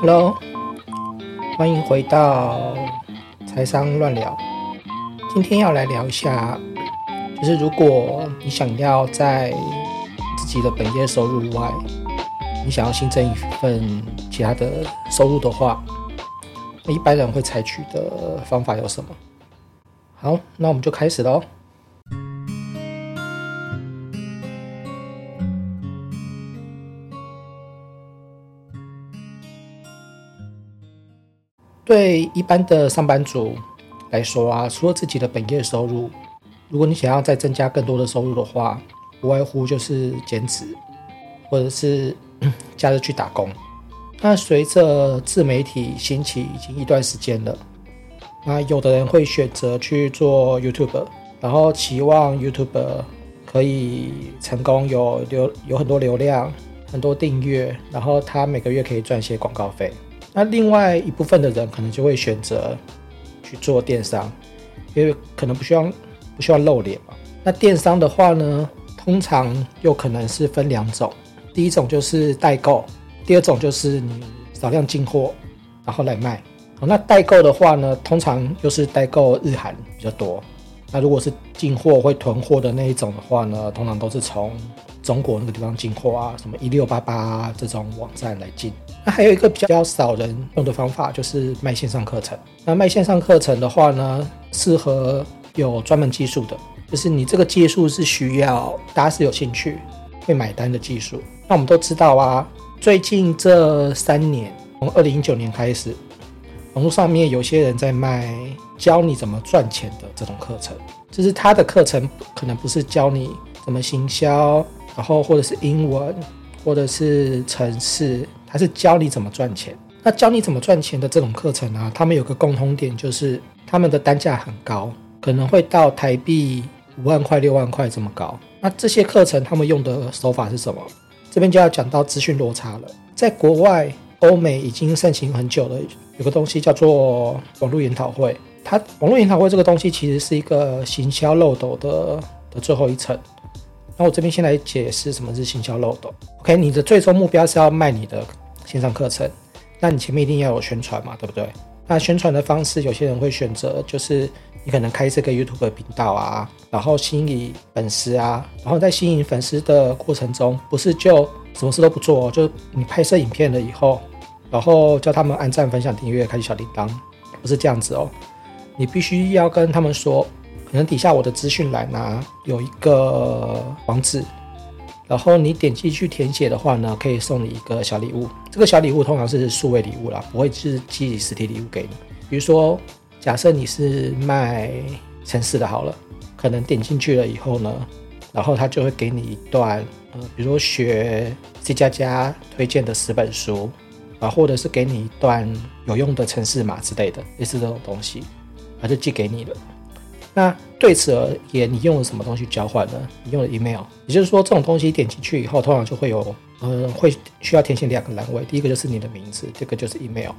Hello，歡迎回到財商亂聊。今天要來聊一下，就是如果你想要在自己的本業收入以外，你想要新增一份其他的收入的話，那一般人會採取的方法有什麼？好，那我們就開始嘍。對一般的上班族來說啊，除了自己的本業收入，如果你想要再增加更多的收入的話，無外乎就是兼職或者是假日去打工。那隨着自媒體興起已經一段時間了，那有的人會選擇去做 YouTube，然後期望 YouTube 可以成功有流有，有很多流量、很多訂閱，然後他每個月可以賺些廣告費。那另外一部分的人可能就會選擇去做電商，因為可能不需要不需要露臉嘛。那電商的話呢，通常又可能是分兩種，第一種就是代購，第二種就是你少量進貨然後來賣。那代購的話呢，通常又是代購日韓比較多。那如果是進貨或囤貨的那一種的話呢，通常都是從，中國那個地方進貨啊，什麼一六八八這種網站來進。那還有一個比較少人用的方法，就是賣線上課程。那賣線上課程的話呢，適合有專門技術的，就是你這個技術是需要大家是有興趣會買單的技術。那我們都知道啊，最近這三年，從二零一九年開始，網絡上面有些人在賣教你怎麼賺錢的這種課程，就是他的課程可能不是教你怎麼行銷。然後，或者是英文，或者是城市，還是教你怎麼賺錢？那教你怎麼賺錢的這種課程啊，他們有個共通點，就是他們的單價很高，可能會到台幣五萬塊、六萬塊這麼高。那這些課程他們用的手法是什麼？這邊就要講到資訊落差了。在國外，歐美已經盛行很久了，有個東西叫做網絡研討會。它網絡研討會這個東西其實是一個行銷漏斗的的最後一層。那我這邊先來解釋什麼是行銷漏斗。OK，你的最終目標是要賣你的線上課程，那你前面一定要有宣傳嘛，對不對？那宣傳的方式，有些人會選擇就是你可能開這個 YouTube 頻道啊，然後吸引粉絲啊，然後在吸引粉絲的過程中，不是就什麼事都不做哦，就你拍攝影片了以後，然後叫他們按讚、分享、訂閱、開啟小鈴鐺，不是這樣子哦，你必須要跟他們說。可能底下我的資訊欄啊有一個網址，然後你點擊去填寫的話呢，可以送你一個小禮物。這個小禮物通常是數位禮物啦，不會是寄實體禮物給你。比如說，假設你是賣程式的好了，可能點進去了以後呢，然後他就會給你一段，呃，比如說學 C 加加推薦的十本書啊，或者是給你一段有用的程式碼之類的，類似這種東西，他就寄給你了。那對此而言，你用了什麼東西交換呢？你用了 email，也就是說，這種東西點進去以後，通常就會有，呃，會需要填寫兩個欄位，第一個就是你的名字，這個就是 email。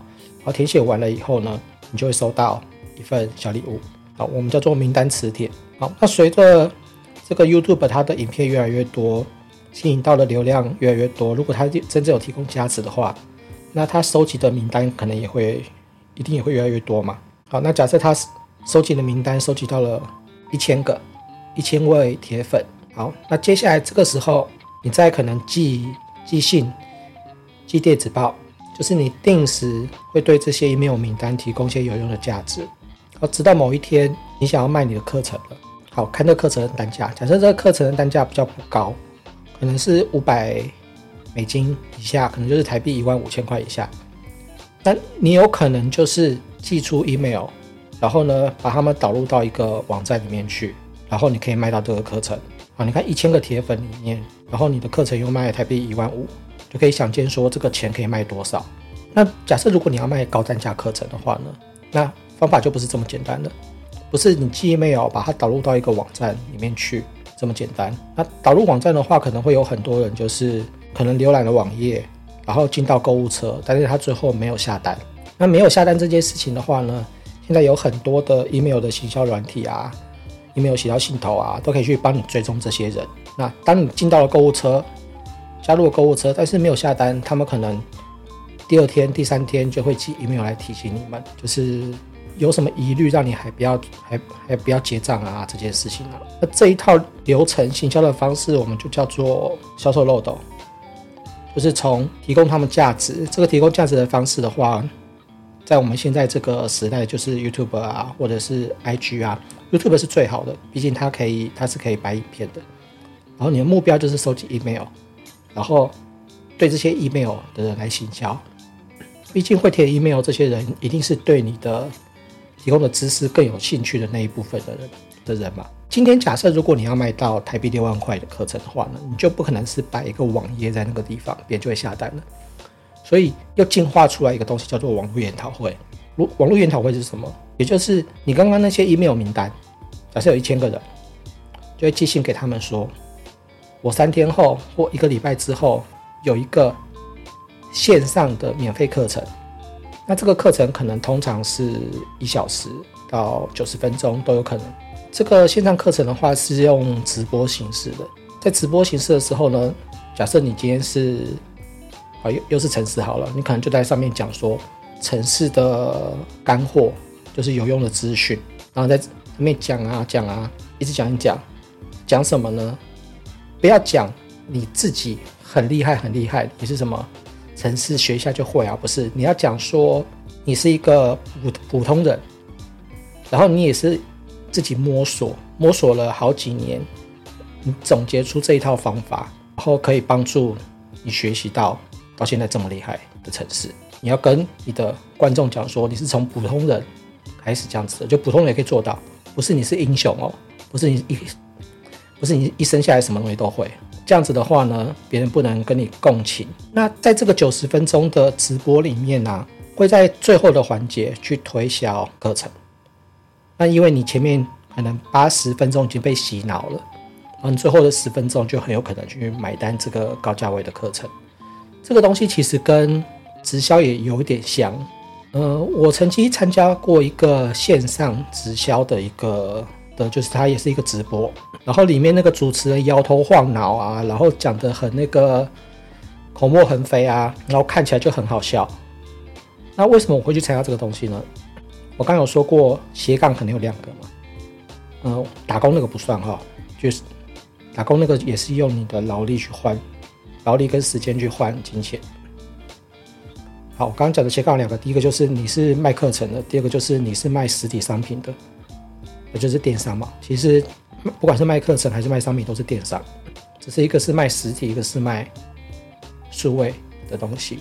好，填寫完了以後呢，你就會收到一份小禮物，好，我們叫做名單磁鐵。好，那隨着這個 YouTube 它的影片越來越多，吸引到的流量越來越多，如果它真正有提供價值的話，那它收集的名單可能也會一定也會越來越多嘛。好，那假設它是。收集的名單收集到了一千個，一千位鐵粉。好，那接下來這個時候，你再可能寄寄信、寄電子報，就是你定時會對這些 email 名單提供一些有用的價值。好，直到某一天你想要賣你的課程了。好，看這課程的單價，假設這個課程的單價比較不高，可能是五百美金以下，可能就是台幣一萬五千塊以下。但你有可能就是寄出 email。然後呢，把它們導入到一個網站裡面去，然後你可以賣到這個課程啊。你看一千個鐵粉裡面，然後你的課程又賣了台幣一萬五，就可以想見說這個錢可以賣多少。那假設如果你要賣高單價課程的話呢，那方法就不是這麼簡單的，不是你記憶沒有把它導入到一個網站裡面去這麼簡單。那導入網站的話，可能會有很多人就是可能瀏覽了網頁，然後進到購物車，但是他最後沒有下單。那沒有下單這件事情的話呢？現在有很多的 email 的行銷軟體啊，email 寫到信頭啊，都可以去幫你追蹤這些人。那當你進到了購物車，加入了購物車，但是沒有下單，他們可能第二天、第三天就會寄 email 來提醒你們，就是有什麼疑慮，讓你還不要、還還不要結賬啊這件事情啊。那這一套流程行銷的方式，我們就叫做銷售漏斗，就是從提供他們價值，這個提供價值的方式的話。在我們現在這個時代，就是 YouTube 啊，或者是 IG 啊，YouTube 是最好的，畢竟它可以，它是可以擺影片的。然後你的目標就是收集 email，然後對這些 email 的人來行銷。畢竟會貼 email 這些人，一定是對你的提供的知識更有興趣的那一部分的人的人嘛。今天假設如果你要賣到台幣六萬塊的課程的話呢，你就不可能是擺一個網頁在那個地方，別人就會下單了。所以又進化出來一個東西，叫做網絡研討會。網網絡研討會是什麼？也就是你剛剛那些 email 名單，假設有一千個人，就會寄信給他們說，我三天後或一個禮拜之後有一個線上的免費課程。那這個課程可能通常是一小時到九十分鐘都有可能。這個線上課程的話是用直播形式的。在直播形式的時候呢，假設你今天是。又又是城市好了，你可能就在上面講說城市的乾貨，就是有用的資訊，然後在上面講啊講啊，一直講一講，講什麼呢？不要講你自己很厲害很厲害，你是什麼城市學一下就會啊？不是，你要講說你是一個普普通人，然後你也是自己摸索摸索了好幾年，你總結出這一套方法，然後可以幫助你學習到。到現在這麼厲害的城市，你要跟你的觀眾講說，你是從普通人開始這樣子的，就普通人也可以做到，不是你是英雄哦、喔，不是你一，不是你一生下來什麼東西都會。這樣子的話呢，別人不能跟你共情。那在這個九十分鐘的直播裡面呢、啊，會在最後的環節去推銷課程。那因為你前面可能八十分鐘已經被洗腦了，嗯，最後的十分鐘就很有可能去買單這個高價位的課程。這個東西其實跟直銷也有一點像，嗯，我曾經參加過一個線上直銷的一個的，就是它也是一個直播，然後裡面那個主持人搖頭晃腦啊，然後講得很那個口沫橫飛啊，然後看起來就很好笑。那為什麼我會去參加這個東西呢？我剛剛有說過斜槓可能有兩個嘛，嗯，打工那個不算哈，就是打工那個也是用你的勞力去換。勞力跟時間去換金錢。好，我剛剛講的斜槓兩個，第一個就是你是賣課程的，第二個就是你是賣實體商品的，也就是電商嘛。其實不管是賣課程還是賣商品，都是電商，只是一個是賣實體，一個是賣數位的東西。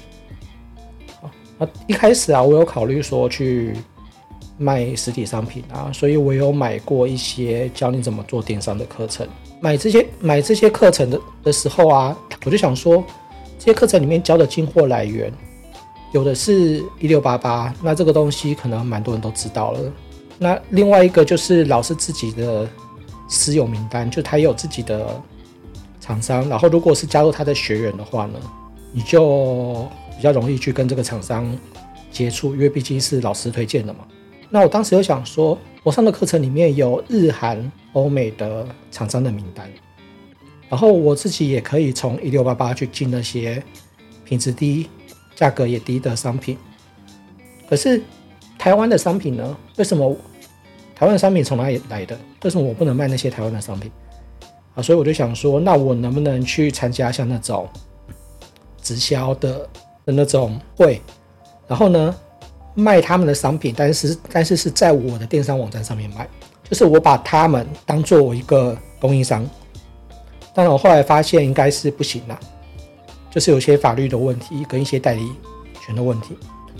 啊，一開始啊，我有考慮說去賣實體商品啊，所以我有買過一些教你怎麼做電商的課程。買這些買這些課程的的時候啊，我就想說，這些課程裡面教的進貨來源，有的是1688，那這個東西可能蠻多人都知道了。那另外一個就是老師自己的私有名單，就他也有自己的廠商，然後如果是加入他的學員的話呢，你就比較容易去跟這個廠商接觸，因為畢竟是老師推薦的嘛。那我當時又想說，我上的課程裡面有日韓、歐美的廠商的名單，然後我自己也可以從一六八八去進那些品質低、價格也低的商品。可是台灣的商品呢？為什麼台灣的商品從哪裡來的？為什麼我不能賣那些台灣的商品啊？所以我就想說，那我能不能去參加像那種直銷的的那種會？然後呢，賣他們的商品，但是但是是在我的電商網站上面賣，就是我把他們當作我一個供應商。但是我後來發現應該是不行啦，就是有些法律的問題跟一些代理權的問題。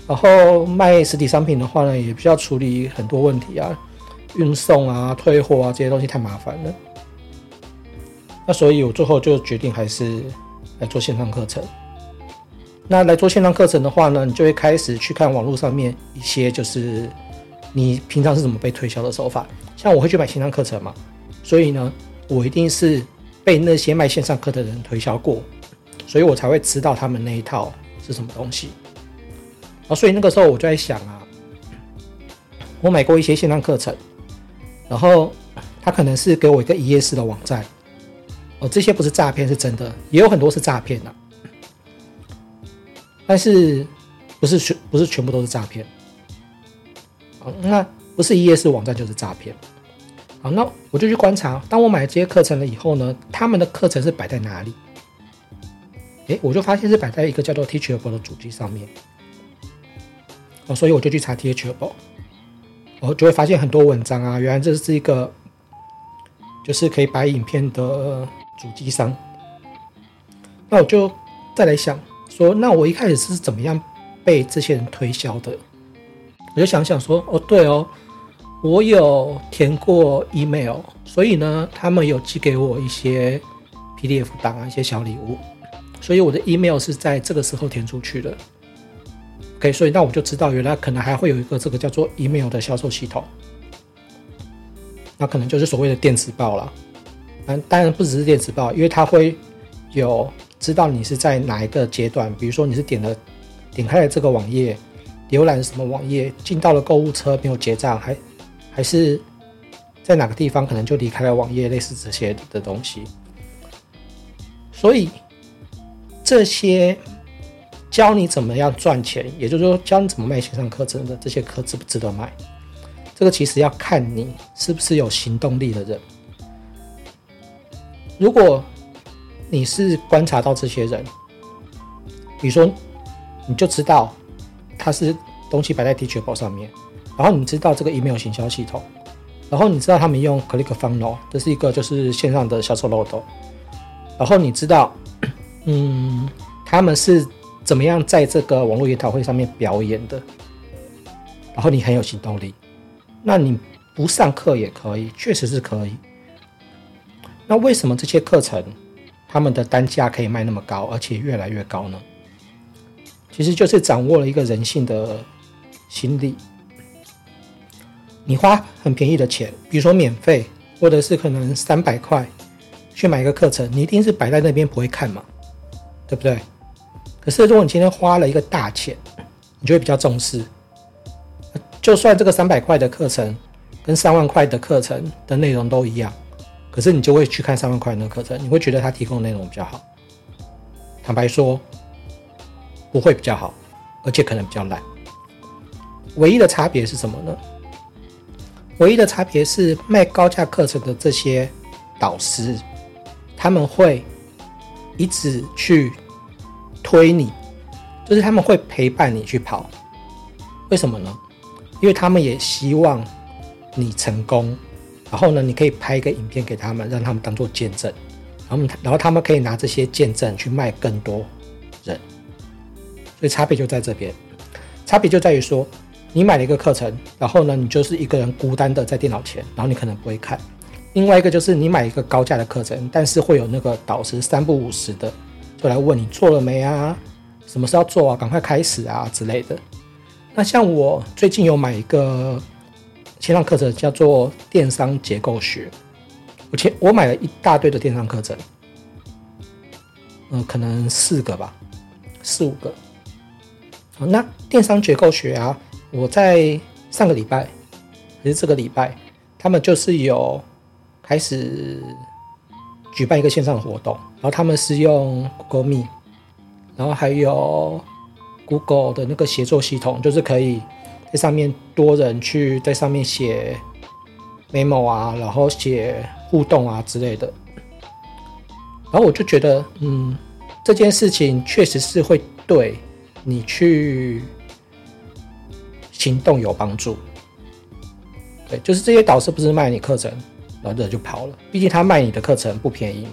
然後賣實體商品的話呢，也比較處理很多問題啊，運送啊、退貨啊這些東西太麻煩了。那所以我最後就決定還是來做線上課程。那來做線上課程的話呢，你就會開始去看網絡上面一些就是你平常是怎麼被推銷的手法。像我會去買線上課程嘛，所以呢，我一定是被那些賣線上課的人推銷過，所以我才會知道他們那一套是什麼東西。啊，所以那個時候我就在想啊，我買過一些線上課程，然後他可能是給我一個一頁式的網站，哦，這些不是詐騙是真的，也有很多是詐騙的。但是不是全不是全部都是詐騙，好，那不是 ES 網站就是詐騙。好，那我就去觀察，當我買了這些課程了以後呢，他們的課程是擺在哪裡？哎，我就發現是擺在一個叫做 Teachable 的主機上面。哦，所以我就去查 Teachable，我就會發現很多文章啊，原來這是一個就是可以擺影片的主機商。那我就再來想。說那我一開始是怎麼樣被這些人推銷的？我就想想說，哦對哦，我有填過 email，所以呢，他們有寄給我一些 PDF 檔啊，一些小禮物，所以我的 email 是在這個時候填出去的。OK，所以那我就知道，原來可能還會有一個這個叫做 email 的銷售系統，那可能就是所謂的電子報啦。嗯，當然不只是電子報，因為它會有。知道你是在哪一個階段，比如說你是點了、點開了這個網頁，瀏覽什麼網頁，進到了購物車沒有結賬，還還是在哪個地方可能就離開了網頁，類似這些的東西。所以這些教你怎麼樣賺錢，也就是說教你怎麼賣線上課程的這些課值不值得買？這個其實要看你是不是有行動力的人。如果你是觀察到這些人，比如說你就知道他是東西擺在 d i g i 上面，然後你知道這個 email 行銷系統，然後你知道他們用 click funnel，這是一個就是線上的銷售漏斗，然後你知道，嗯，他們是怎麼樣在這個網絡研討會上面表演的，然後你很有行動力，那你不上課也可以，確實是可以。那為什麼這些課程，他們的單價可以賣那麼高，而且越來越高呢？其實就是掌握了一個人性的心理。你花很便宜的錢，比如說免費，或者是可能三百塊去買一個課程，你一定是擺在那邊不會看嘛，對不對？可是如果你今天花了一個大錢，你就會比較重視。就算這個三百塊的課程跟三萬塊的課程的內容都一樣。可是你就會去看上萬塊那個課程，你會覺得他提供的內容比較好。坦白說，不會比較好，而且可能比較爛。唯一的差別是什麼呢？唯一的差別是賣高價課程的這些導師，他們會一直去推你，就是他們會陪伴你去跑。為什麼呢？因為他們也希望你成功。然後呢，你可以拍一個影片給他們，讓他們當做見證。然後，然後他們可以拿這些見證去賣更多人。所以差別就在這邊，差別就在於說，你買了一個課程，然後呢，你就是一個人孤單的在電腦前，然後你可能不會看。另外一個就是你買一個高價的課程，但是會有那個導師三不五時的，就來問你做了沒啊，什麼時候要做啊，趕快開始啊之類的。那像我最近有買一個。線上課程叫做電商結構學，我前我買了一大堆的電商課程，嗯，可能四個吧，四五個。那電商結構學啊，我在上個禮拜還是這個禮拜，他們就是有開始舉辦一個線上活動，然後他們是用 Google Meet 然後還有 Google 的那個協作系統，就是可以。在上面多人去在上面寫 memo 啊，然後寫互動啊之類的，然後我就覺得，嗯，這件事情確實是會對你去行動有幫助。對，就是這些導師不是賣你課程，然後這就跑了。畢竟他賣你的課程不便宜嘛，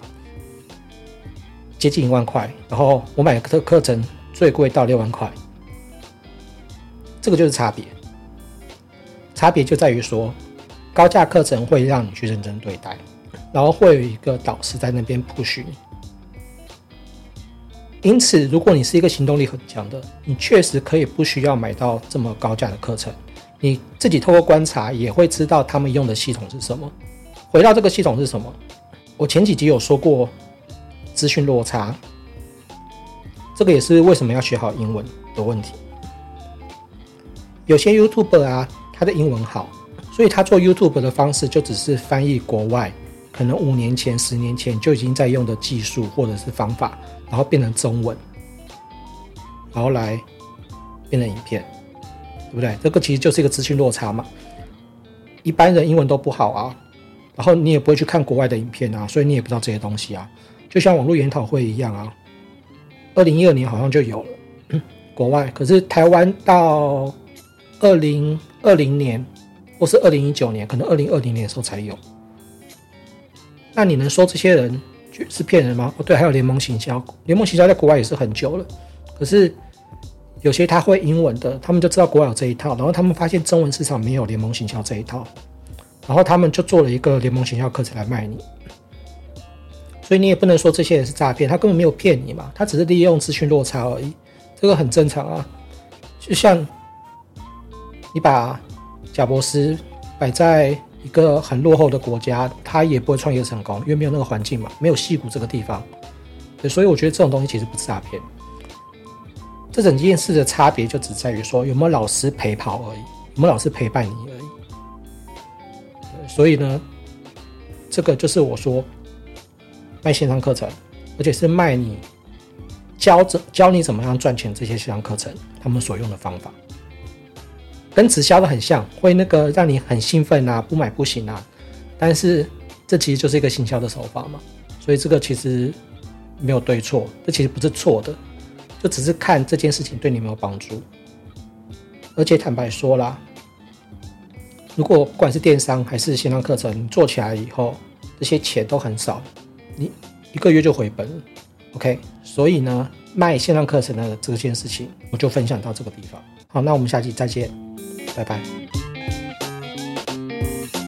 接近一萬塊。然後我買的課課程最貴到六萬塊。這個就是差別，差別就在於說，高價課程會讓你去認真對待，然後會有一個導師在那邊 push 你。因此，如果你是一個行動力很強的，你確實可以不需要買到這麼高價的課程，你自己透過觀察也會知道他們用的系統是什麼。回到這個系統是什麼？我前幾集有說過資訊落差，這個也是為什麼要學好英文的問題。有些 YouTuber 啊，他的英文好，所以他做 YouTube 的方式就只是翻譯國外，可能五年前、十年前就已經在用的技術或者是方法，然後變成中文，然後來變成影片，對不對？這個其實就是一個資訊落差嘛。一般人英文都不好啊，然後你也不會去看國外的影片啊，所以你也不知道這些東西啊。就像網絡研討會一樣啊，二零一二年好像就有了國外，可是台灣到。二零二零年，或是二零一九年，可能二零二零年的時候才有。那你能說這些人是騙人嗎？哦，對，還有聯盟行銷，聯盟行銷在國外也是很久了。可是有些他會英文的，他們就知道國外有這一套，然後他們發現中文市場沒有聯盟行銷這一套，然後他們就做了一個聯盟行銷課程來賣你。所以你也不能說這些人是詐騙，他根本沒有騙你嘛，他只是利用資訊落差而已，這個很正常啊，就像，你把賈伯斯擺在一個很落後的國家，他也不會創業成功，因為沒有那個環境嘛，沒有矽谷這個地方。對，所以我覺得這種東西其實不是詐騙。這整件事的差別就只在於說有沒有老師陪跑而已，有沒有老師陪伴你而已。所以呢，這個就是我說賣線上課程，而且是賣你教教你怎麼樣賺錢這些線上課程，他們所用的方法。跟直銷的很像，會那個讓你很興奮啊，不買不行啊。但是這其實就是一個行銷的手法嘛，所以這個其實沒有對錯，這其實不是錯的，就只是看這件事情對你有沒有幫助。而且坦白說啦，如果不管是電商還是線上課程，你做起來以後這些錢都很少，你一個月就回本了。OK，所以呢，賣線上課程的這件事情，我就分享到這個地方。好，那我們下期再見，拜拜。